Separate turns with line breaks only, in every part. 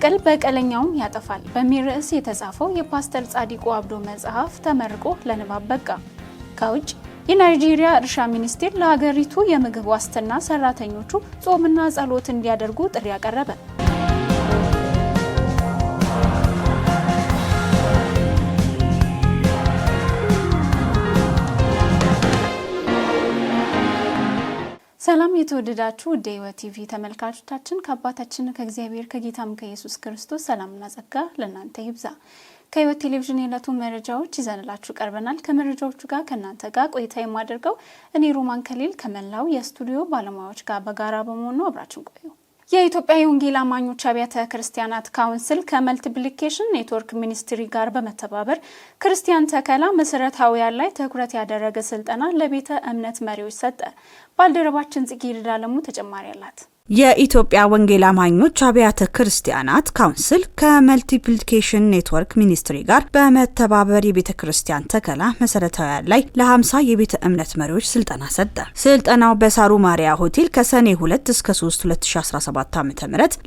በቀል በቀለኛውም ያጠፋል በሚል ርዕስ የተጻፈው የፓስተር ጻዲቁ አብዶ መጽሐፍ ተመርቆ ለንባብ በቃ። ከውጭ የናይጄሪያ እርሻ ሚኒስቴር ለሀገሪቱ የምግብ ዋስትና ሰራተኞቹ ጾምና ጸሎት እንዲያደርጉ ጥሪ አቀረበ። ሰላም የተወደዳችሁ ውድ ሕይወት ቲቪ ተመልካቾቻችን፣ ከአባታችን ከእግዚአብሔር ከጌታም ከኢየሱስ ክርስቶስ ሰላምና ጸጋ ለእናንተ ይብዛ። ከህይወት ቴሌቪዥን የዕለቱ መረጃዎች ይዘንላችሁ ቀርበናል። ከመረጃዎቹ ጋር ከእናንተ ጋር ቆይታ የማደርገው እኔ ሮማን ከሌል ከመላው የስቱዲዮ ባለሙያዎች ጋር በጋራ በመሆኑ አብራችን ቆዩ። የኢትዮጵያ የወንጌል አማኞች አብያተ ክርስቲያናት ካውንስል ከመልቲፕሊኬሽን ኔትወርክ ሚኒስትሪ ጋር በመተባበር ክርስቲያን ተከላ መሰረታዊያን ላይ ትኩረት ያደረገ ስልጠና ለቤተ እምነት መሪዎች ሰጠ። ባልደረባችን ጽጌ ይልዳለሙ ተጨማሪ አላት። የኢትዮጵያ ወንጌል አማኞች አብያተ ክርስቲያናት ካውንስል ከመልቲፕሊኬሽን ኔትወርክ ሚኒስትሪ ጋር በመተባበር የቤተ ክርስቲያን ተከላ መሰረታውያን ላይ ለ50 የቤተ እምነት መሪዎች ስልጠና ሰጠ። ስልጠናው በሳሩ ማሪያ ሆቴል ከሰኔ 2 እስከ 3 2017 ዓ ም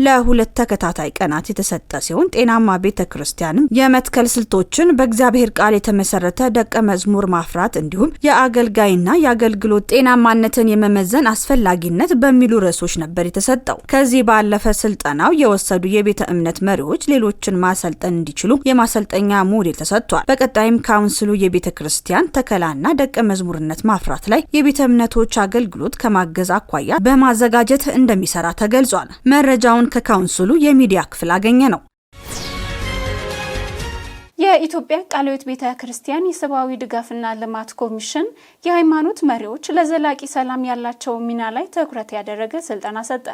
ለሁለት ተከታታይ ቀናት የተሰጠ ሲሆን ጤናማ ቤተ ክርስቲያንም የመትከል ስልቶችን በእግዚአብሔር ቃል የተመሰረተ ደቀ መዝሙር ማፍራት እንዲሁም የአገልጋይና የአገልግሎት ጤናማነትን የመመዘን አስፈላጊነት በሚሉ ርዕሶች ነበር የተሰጠው። ከዚህ ባለፈ ስልጠናው የወሰዱ የቤተ እምነት መሪዎች ሌሎችን ማሰልጠን እንዲችሉ የማሰልጠኛ ሞዴል ተሰጥቷል። በቀጣይም ካውንስሉ የቤተ ክርስቲያን ተከላና ደቀ መዝሙርነት ማፍራት ላይ የቤተ እምነቶች አገልግሎት ከማገዝ አኳያ በማዘጋጀት እንደሚሰራ ተገልጿል። መረጃውን ከካውንስሉ የሚዲያ ክፍል አገኘ ነው። የኢትዮጵያ ቃለ ሕይወት ቤተ ክርስቲያን የሰብአዊ ድጋፍና ልማት ኮሚሽን የሃይማኖት መሪዎች ለዘላቂ ሰላም ያላቸው ሚና ላይ ትኩረት ያደረገ ስልጠና ሰጠ።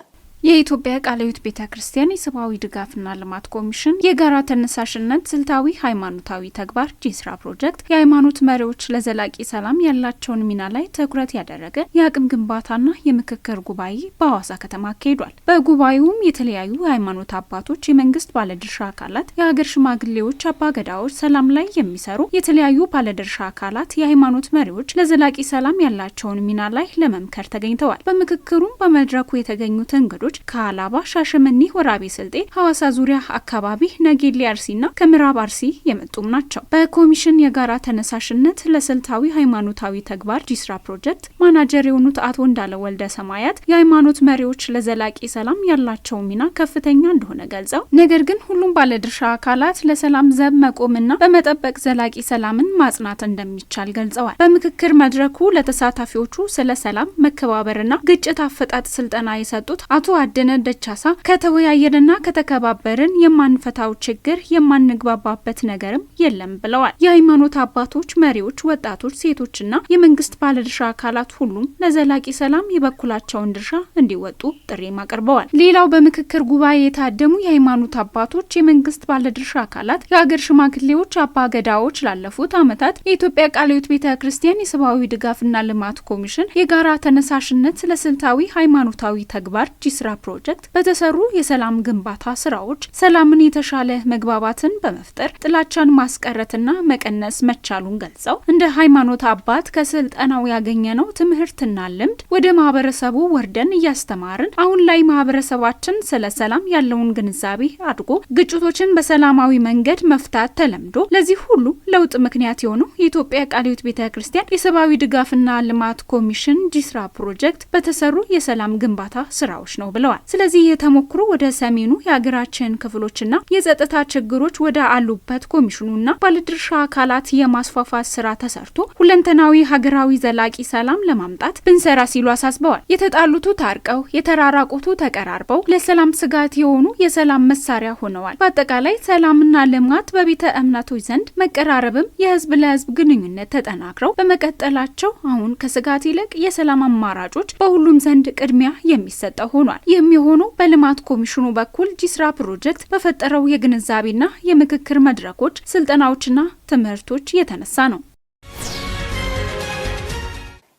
የኢትዮጵያ ቃላዊት ቤተ ክርስቲያን የሰብአዊ ድጋፍና ልማት ኮሚሽን የጋራ ተነሳሽነት ስልታዊ ሃይማኖታዊ ተግባር ጂስራ ፕሮጀክት የሃይማኖት መሪዎች ለዘላቂ ሰላም ያላቸውን ሚና ላይ ትኩረት ያደረገ የአቅም ግንባታና የምክክር ጉባኤ በሐዋሳ ከተማ አካሂዷል። በጉባኤውም የተለያዩ የሃይማኖት አባቶች፣ የመንግስት ባለድርሻ አካላት፣ የሀገር ሽማግሌዎች፣ አባገዳዎች፣ ሰላም ላይ የሚሰሩ የተለያዩ ባለድርሻ አካላት፣ የሃይማኖት መሪዎች ለዘላቂ ሰላም ያላቸውን ሚና ላይ ለመምከር ተገኝተዋል። በምክክሩም በመድረኩ የተገኙት እንግዶች መንገዶች ከአላባ፣ ሻሸመኔ፣ ወራቤ ስልጤ፣ ሀዋሳ ዙሪያ አካባቢ፣ ነጌሌ ና ከምዕራብ አርሲ የመጡም ናቸው። በኮሚሽን የጋራ ተነሳሽነት ለስልታዊ ሃይማኖታዊ ተግባር ጂስራ ፕሮጀክት ማናጀር የሆኑት አቶ እንዳለ ወልደ ሰማያት የሃይማኖት መሪዎች ለዘላቂ ሰላም ያላቸው ሚና ከፍተኛ እንደሆነ ገልጸው ነገር ግን ሁሉም ባለድርሻ አካላት ለሰላም ዘብ መቆምና በመጠበቅ ዘላቂ ሰላምን ማጽናት እንደሚቻል ገልጸዋል። በምክክር መድረኩ ለተሳታፊዎቹ ስለ ሰላም መከባበርና ግጭት አፈጣጥ ስልጠና የሰጡት አቶ አደነ ደቻሳ ከተወያየንና ከተከባበርን የማንፈታው ችግር የማንግባባበት ነገርም የለም ብለዋል። የሃይማኖት አባቶች፣ መሪዎች፣ ወጣቶች፣ ሴቶችና የመንግስት ባለድርሻ አካላት ሁሉም ለዘላቂ ሰላም የበኩላቸውን ድርሻ እንዲወጡ ጥሪም አቅርበዋል። ሌላው በምክክር ጉባኤ የታደሙ የሃይማኖት አባቶች፣ የመንግስት ባለድርሻ አካላት፣ የሀገር ሽማግሌዎች፣ አባገዳዎች ላለፉት ዓመታት የኢትዮጵያ ቃለ ሕይወት ቤተ ክርስቲያን የሰብአዊ ድጋፍና ልማት ኮሚሽን የጋራ ተነሳሽነት ለስልታዊ ሃይማኖታዊ ተግባር ጂስራ የኤርትራ ፕሮጀክት በተሰሩ የሰላም ግንባታ ስራዎች ሰላምን፣ የተሻለ መግባባትን በመፍጠር ጥላቻን ማስቀረትና መቀነስ መቻሉን ገልጸው እንደ ሃይማኖት አባት ከስልጠናው ያገኘነው ትምህርትና ልምድ ወደ ማህበረሰቡ ወርደን እያስተማርን አሁን ላይ ማህበረሰባችን ስለ ሰላም ያለውን ግንዛቤ አድጎ ግጭቶችን በሰላማዊ መንገድ መፍታት ተለምዶ ለዚህ ሁሉ ለውጥ ምክንያት የሆነው የኢትዮጵያ ቃልዮት ቤተ ክርስቲያን የሰብአዊ ድጋፍና ልማት ኮሚሽን ጂስራ ፕሮጀክት በተሰሩ የሰላም ግንባታ ስራዎች ነው ብለዋል። ስለዚህ ይህ ተሞክሮ ወደ ሰሜኑ የሀገራችን ክፍሎችና የጸጥታ ችግሮች ወደ አሉበት ኮሚሽኑና ባለድርሻ አካላት የማስፋፋት ስራ ተሰርቶ ሁለንተናዊ ሀገራዊ ዘላቂ ሰላም ለማምጣት ብንሰራ ሲሉ አሳስበዋል። የተጣሉቱ ታርቀው የተራራቁቱ ተቀራርበው ለሰላም ስጋት የሆኑ የሰላም መሳሪያ ሆነዋል። በአጠቃላይ ሰላምና ልማት በቤተ እምነቶች ዘንድ መቀራረብም የህዝብ ለህዝብ ግንኙነት ተጠናክረው በመቀጠላቸው አሁን ከስጋት ይልቅ የሰላም አማራጮች በሁሉም ዘንድ ቅድሚያ የሚሰጠው ሆኗል። የሚሆኑ በልማት ኮሚሽኑ በኩል ጂስራ ፕሮጀክት በፈጠረው የግንዛቤና የምክክር መድረኮች፣ ስልጠናዎችና ትምህርቶች የተነሳ ነው።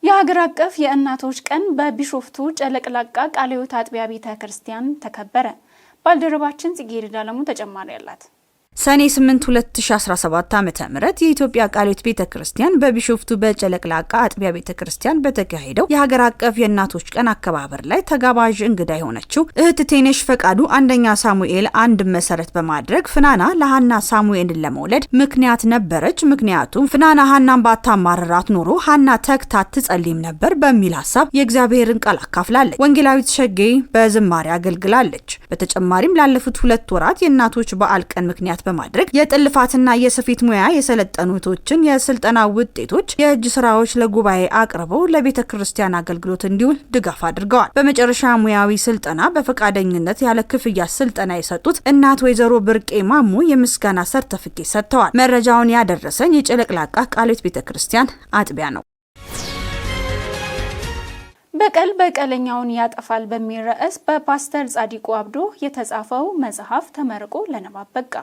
የሀገር አቀፍ የእናቶች ቀን በቢሾፍቱ ጨለቅላቃ ቃለ ሕይወት አጥቢያ ቤተ ክርስቲያን ተከበረ። ባልደረባችን ጽጌረዳ አለሙ ተጨማሪ አላት። ሰኔ 8 2017 ዓ ም የኢትዮጵያ ቃሊት ቤተ ክርስቲያን በቢሾፍቱ በጨለቅላቃ አጥቢያ ቤተ ክርስቲያን በተካሄደው የሀገር አቀፍ የእናቶች ቀን አከባበር ላይ ተጋባዥ እንግዳ የሆነችው እህት ቴነሽ ፈቃዱ አንደኛ ሳሙኤል አንድ መሰረት በማድረግ ፍናና ለሀና ሳሙኤልን ለመውለድ ምክንያት ነበረች፣ ምክንያቱም ፍናና ሀናን ባታማርራት ኖሮ ሀና ተክታ ትጸልይም ነበር በሚል ሀሳብ የእግዚአብሔርን ቃል አካፍላለች። ወንጌላዊት ሸጌ በዝማሬ አገልግላለች። በተጨማሪም ላለፉት ሁለት ወራት የእናቶች በዓል ቀን ምክንያት በማድረግ የጥልፋትና የስፌት ሙያ የሰለጠኑ የስልጠና ውጤቶች፣ የእጅ ስራዎች ለጉባኤ አቅርበው ለቤተ ክርስቲያን አገልግሎት እንዲውል ድጋፍ አድርገዋል። በመጨረሻ ሙያዊ ስልጠና በፈቃደኝነት ያለ ክፍያ ስልጠና የሰጡት እናት ወይዘሮ ብርቄ ማሙ የምስጋና ሰርተፍኬት ሰጥተዋል። መረጃውን ያደረሰን የጨለቅላቃ ቃሌት ቤተ ክርስቲያን አጥቢያ ነው። በቀል በቀለኛውን ያጠፋል በሚል ርዕስ በፓስተር ጻዲቁ አብዶ የተጻፈው መጽሐፍ ተመርቆ ለንባብ በቃ።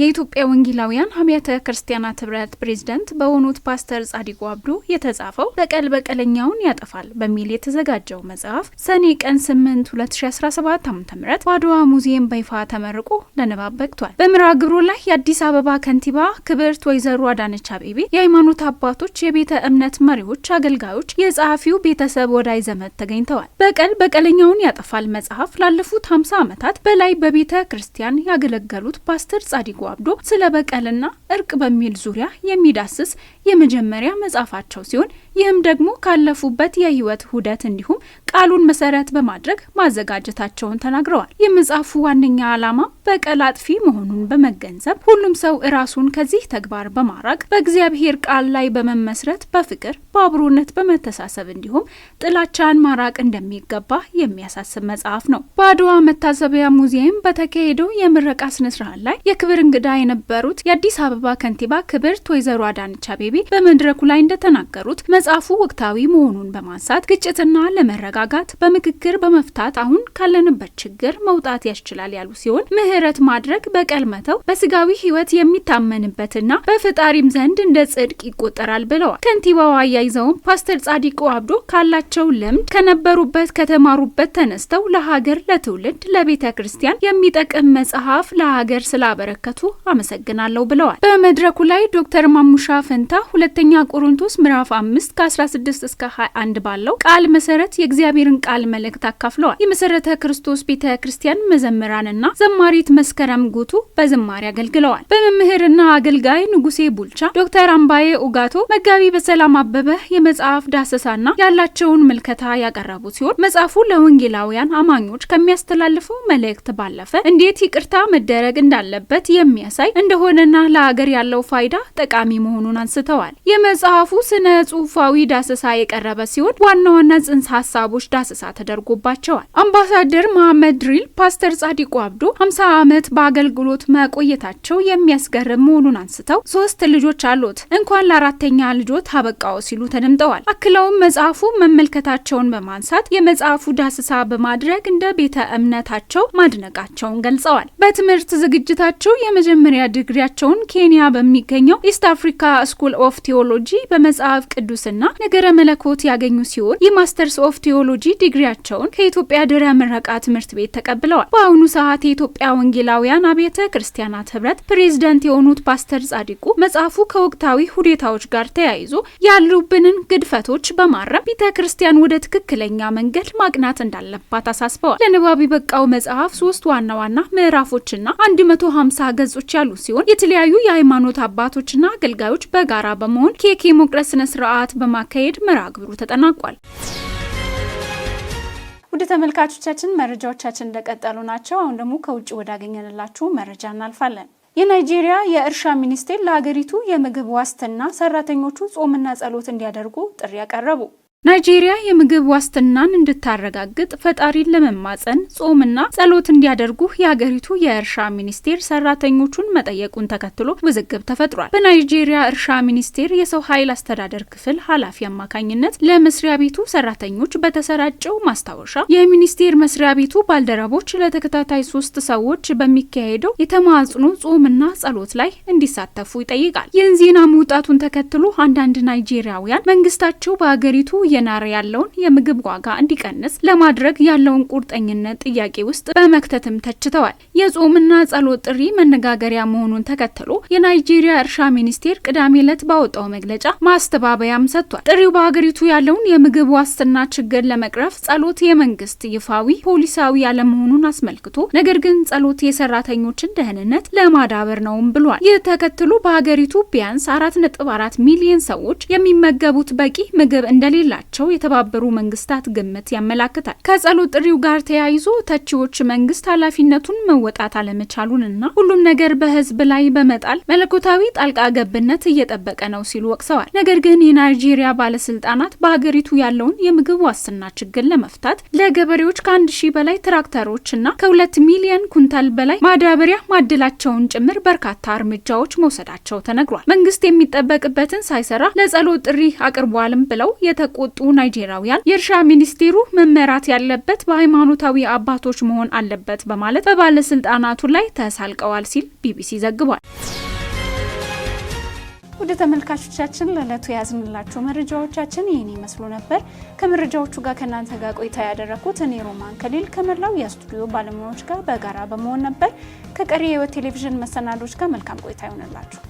የኢትዮጵያ ወንጌላውያን አብያተ ክርስቲያናት ህብረት ፕሬዝደንት በሆኑት ፓስተር ጻዲቁ አብዱ የተጻፈው በቀል በቀለኛውን ያጠፋል በሚል የተዘጋጀው መጽሐፍ ሰኔ ቀን 8 2017 ም በአድዋ ሙዚየም በይፋ ተመርቆ ለንባብ በቅቷል። በምራ ግብሩ ላይ የአዲስ አበባ ከንቲባ ክብርት ወይዘሮ አዳነች አቤቤ፣ የሃይማኖት አባቶች፣ የቤተ እምነት መሪዎች፣ አገልጋዮች፣ የጸሐፊው ቤተሰብ፣ ወዳጅ ዘመድ ተገኝተዋል። በቀል በቀለኛውን ያጠፋል መጽሐፍ ላለፉት 50 ዓመታት በላይ በቤተ ክርስቲያን ያገለገሉት ፓስተር ጻዲቁ አብዶ ስለ በቀልና እርቅ በሚል ዙሪያ የሚዳስስ የመጀመሪያ መጽሐፋቸው ሲሆን ይህም ደግሞ ካለፉበት የህይወት ሁደት እንዲሁም ቃሉን መሰረት በማድረግ ማዘጋጀታቸውን ተናግረዋል። የመጽሐፉ ዋነኛ ዓላማ በቀል አጥፊ መሆኑን በመገንዘብ ሁሉም ሰው እራሱን ከዚህ ተግባር በማራቅ በእግዚአብሔር ቃል ላይ በመመስረት በፍቅር በአብሮነት፣ በመተሳሰብ እንዲሁም ጥላቻን ማራቅ እንደሚገባ የሚያሳስብ መጽሐፍ ነው። በአድዋ መታሰቢያ ሙዚየም በተካሄደው የምረቃ ስነስርዓት ላይ የክብር እንግዳ የነበሩት የአዲስ አበባ ከንቲባ ክብርት ወይዘሮ አዳነች አቤቤ በመድረኩ ላይ እንደተናገሩት መጽሐፉ ወቅታዊ መሆኑን በማንሳት ግጭትና ለመረጋጋት በምክክር በመፍታት አሁን ካለንበት ችግር መውጣት ያስችላል ያሉ ሲሆን ምህረት ማድረግ በቀል መተው በስጋዊ ሕይወት የሚታመንበትና በፈጣሪም ዘንድ እንደ ጽድቅ ይቆጠራል ብለዋል። ከንቲባዋ አያይዘውም ፓስተር ጻዲቁ አብዶ ካላቸው ልምድ ከነበሩበት ከተማሩበት ተነስተው ለሀገር ለትውልድ ለቤተ ክርስቲያን የሚጠቅም መጽሐፍ ለሀገር ስላበረከቱ አመሰግናለሁ ብለዋል። በመድረኩ ላይ ዶክተር ማሙሻ ፈንታ ሁለተኛ ቆሮንቶስ ምዕራፍ አምስት ከ16 እስከ 21 ባለው ቃል መሰረት የእግዚአብሔርን ቃል መልእክት አካፍለዋል። የመሰረተ ክርስቶስ ቤተ ክርስቲያን መዘምራንና ዘማሪት መስከረም ጉቱ በዝማሬ አገልግለዋል። በመምህርና አገልጋይ ንጉሴ ቡልቻ፣ ዶክተር አምባዬ ኡጋቶ፣ መጋቢ በሰላም አበበ የመጽሐፍ ዳሰሳና ያላቸውን ምልከታ ያቀረቡ ሲሆን መጽሐፉ ለወንጌላውያን አማኞች ከሚያስተላልፈው መልእክት ባለፈ እንዴት ይቅርታ መደረግ እንዳለበት የሚያሳይ እንደሆነና ለአገር ያለው ፋይዳ ጠቃሚ መሆኑን አንስተዋል። ገልጸዋል። የመጽሐፉ ስነ ጽሁፋዊ ዳሰሳ የቀረበ ሲሆን ዋና ዋና ጽንሰ ሀሳቦች ዳሰሳ ተደርጎባቸዋል። አምባሳደር መሐመድ ድሪል ፓስተር ጻዲቁ አብዶ 50 ዓመት በአገልግሎት መቆየታቸው የሚያስገርም መሆኑን አንስተው ሶስት ልጆች አሉት እንኳን ለአራተኛ ልጆት አበቃው ሲሉ ተደምጠዋል። አክለውም መጽሐፉ መመልከታቸውን በማንሳት የመጽሐፉ ዳሰሳ በማድረግ እንደ ቤተ እምነታቸው ማድነቃቸውን ገልጸዋል። በትምህርት ዝግጅታቸው የመጀመሪያ ዲግሪያቸውን ኬንያ በሚገኘው ኢስት አፍሪካ ስኩል ኦፍ ቴዎሎጂ በመጽሐፍ ቅዱስና ነገረ መለኮት ያገኙ ሲሆን ይህ ማስተርስ ኦፍ ቴዎሎጂ ዲግሪያቸውን ከኢትዮጵያ ድረ ምረቃ ትምህርት ቤት ተቀብለዋል። በአሁኑ ሰዓት የኢትዮጵያ ወንጌላውያን አብያተ ክርስቲያናት ህብረት ፕሬዝደንት የሆኑት ፓስተር ጻድቁ መጽሐፉ ከወቅታዊ ሁኔታዎች ጋር ተያይዞ ያሉብንን ግድፈቶች በማረም ቤተ ክርስቲያን ወደ ትክክለኛ መንገድ ማቅናት እንዳለባት አሳስበዋል። ለንባብ የበቃው መጽሐፍ ሶስት ዋና ዋና ምዕራፎችና 150 ገጾች ያሉ ሲሆን የተለያዩ የሃይማኖት አባቶችና አገልጋዮች በጋራ በጋራ በመሆን ኬክ የመቁረስ ስነ ስርዓት በማካሄድ መርሃ ግብሩ ተጠናቋል። ውድ ተመልካቾቻችን መረጃዎቻችን እንደቀጠሉ ናቸው። አሁን ደግሞ ከውጭ ወዳገኘንላችሁ መረጃ እናልፋለን። የናይጄሪያ የእርሻ ሚኒስቴር ለሀገሪቱ የምግብ ዋስትና ሰራተኞቹ ጾምና ጸሎት እንዲያደርጉ ጥሪ ያቀረቡ ናይጄሪያ የምግብ ዋስትናን እንድታረጋግጥ ፈጣሪን ለመማጸን ጾምና ጸሎት እንዲያደርጉ የአገሪቱ የእርሻ ሚኒስቴር ሰራተኞቹን መጠየቁን ተከትሎ ውዝግብ ተፈጥሯል። በናይጄሪያ እርሻ ሚኒስቴር የሰው ኃይል አስተዳደር ክፍል ኃላፊ አማካኝነት ለመስሪያ ቤቱ ሰራተኞች በተሰራጨው ማስታወሻ የሚኒስቴር መስሪያ ቤቱ ባልደረቦች ለተከታታይ ሶስት ሰዎች በሚካሄደው የተማጽኖ ጾምና ጸሎት ላይ እንዲሳተፉ ይጠይቃል። ይህን ዜና መውጣቱን ተከትሎ አንዳንድ ናይጄሪያውያን መንግስታቸው በአገሪቱ እየናረ ያለውን የምግብ ዋጋ እንዲቀንስ ለማድረግ ያለውን ቁርጠኝነት ጥያቄ ውስጥ በመክተትም ተችተዋል። የጾምና ጸሎት ጥሪ መነጋገሪያ መሆኑን ተከትሎ የናይጄሪያ እርሻ ሚኒስቴር ቅዳሜ ዕለት ባወጣው መግለጫ ማስተባበያም ሰጥቷል። ጥሪው በሀገሪቱ ያለውን የምግብ ዋስትና ችግር ለመቅረፍ ጸሎት የመንግስት ይፋዊ ፖሊሳዊ ያለመሆኑን አስመልክቶ ነገር ግን ጸሎት የሰራተኞችን ደህንነት ለማዳበር ነውም ብሏል። ይህ ተከትሎ በሀገሪቱ ቢያንስ 4.4 ሚሊየን ሰዎች የሚመገቡት በቂ ምግብ እንደሌላቸው መሆናቸው የተባበሩ መንግስታት ግምት ያመላክታል። ከጸሎት ጥሪው ጋር ተያይዞ ተቺዎች መንግስት ኃላፊነቱን መወጣት አለመቻሉን እና ሁሉም ነገር በህዝብ ላይ በመጣል መለኮታዊ ጣልቃ ገብነት እየጠበቀ ነው ሲሉ ወቅሰዋል። ነገር ግን የናይጄሪያ ባለስልጣናት በሀገሪቱ ያለውን የምግብ ዋስትና ችግር ለመፍታት ለገበሬዎች ከአንድ ሺህ በላይ ትራክተሮች እና ከሁለት ሚሊየን ኩንታል በላይ ማዳበሪያ ማደላቸውን ጭምር በርካታ እርምጃዎች መውሰዳቸው ተነግሯል። መንግስት የሚጠበቅበትን ሳይሰራ ለጸሎት ጥሪ አቅርቧልም ብለው የተቆ የወጡ ናይጄሪያውያን የእርሻ ሚኒስቴሩ መመራት ያለበት በሃይማኖታዊ አባቶች መሆን አለበት በማለት በባለስልጣናቱ ላይ ተሳልቀዋል ሲል ቢቢሲ ዘግቧል። ወደ ተመልካቾቻችን ለዕለቱ የያዝንላችሁ መረጃዎቻችን ይህን ይመስሉ ነበር። ከመረጃዎቹ ጋር ከእናንተ ጋር ቆይታ ያደረግኩት እኔ ሮማን ከሊል ከመላው የስቱዲዮ ባለሙያዎች ጋር በጋራ በመሆን ነበር። ከቀሪ የህይወት ቴሌቪዥን መሰናዶች ጋር መልካም ቆይታ ይሆንላችሁ።